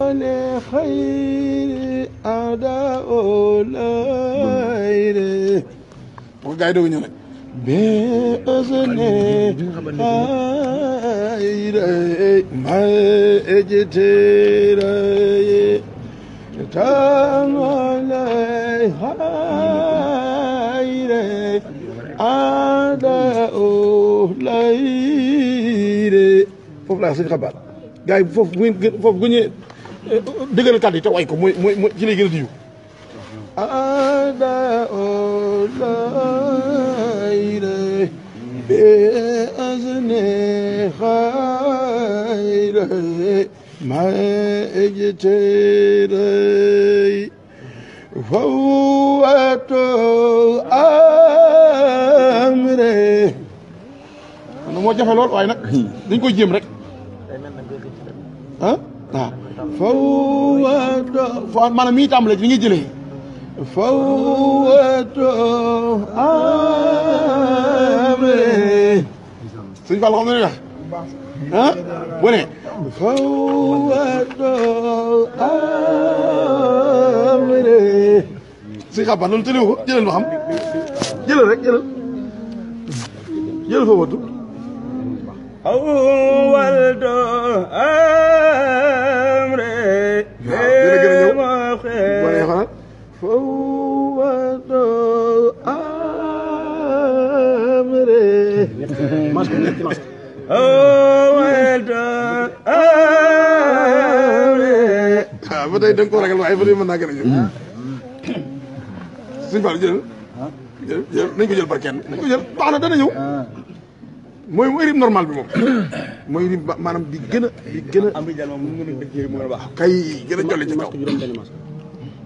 خير أعداء الخير وقاعد وين هناك بأذن خير ما أجتير تام علي خير أعداء الخير فوق لا سيد خبر قاعد فوق وين فوق وين dëgëral kàddu yi te way ko mooy mooy mooy ci lay gën a diw ada o layre be azne khayre ma ejtere fawato amre moo jafe lool waaye nag dañ koy jéem rek ah waaw faw maanaam mi tàmbale li nga jëlee fawto amre suñ fàll xam na ne ah bu ne fawto amre suñ xaban loolu tëliw ko jëlal ma xam jëlal rek jëlal jëlal fa wattu awwal bone فوضوا أمري فوضوا أمري ba tey da nga koo ragal waaye ba tey mën naa gën a ñëw suñ Fall jël jël nañ ko jël par kenn nañ ko jël baax na dana ñëw mooy mooy rythme normal bi moom mooy rythme maanaam bi gën a bi gën a kay gën a jolli ci kaw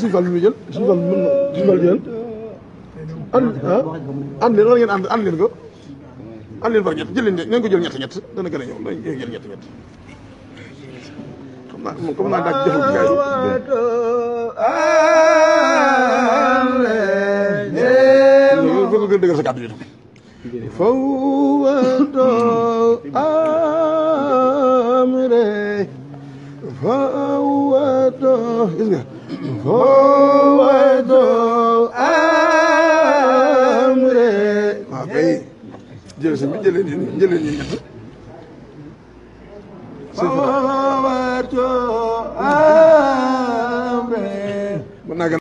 suñu fàll lu jël suñu fàll suñu jël ànd leen ah? lan ngeen ànd leen ko ànd leen ba ñett jël leen ngeen ñett ñett dana gën a ñëw lañ jël ñett ñett xam naa moom comme naa daaj jëfal gars yi gën a dëgër sa kàddu yi gis nga fowado amre waaw kay jël sa bi jëlee nii jëlee nii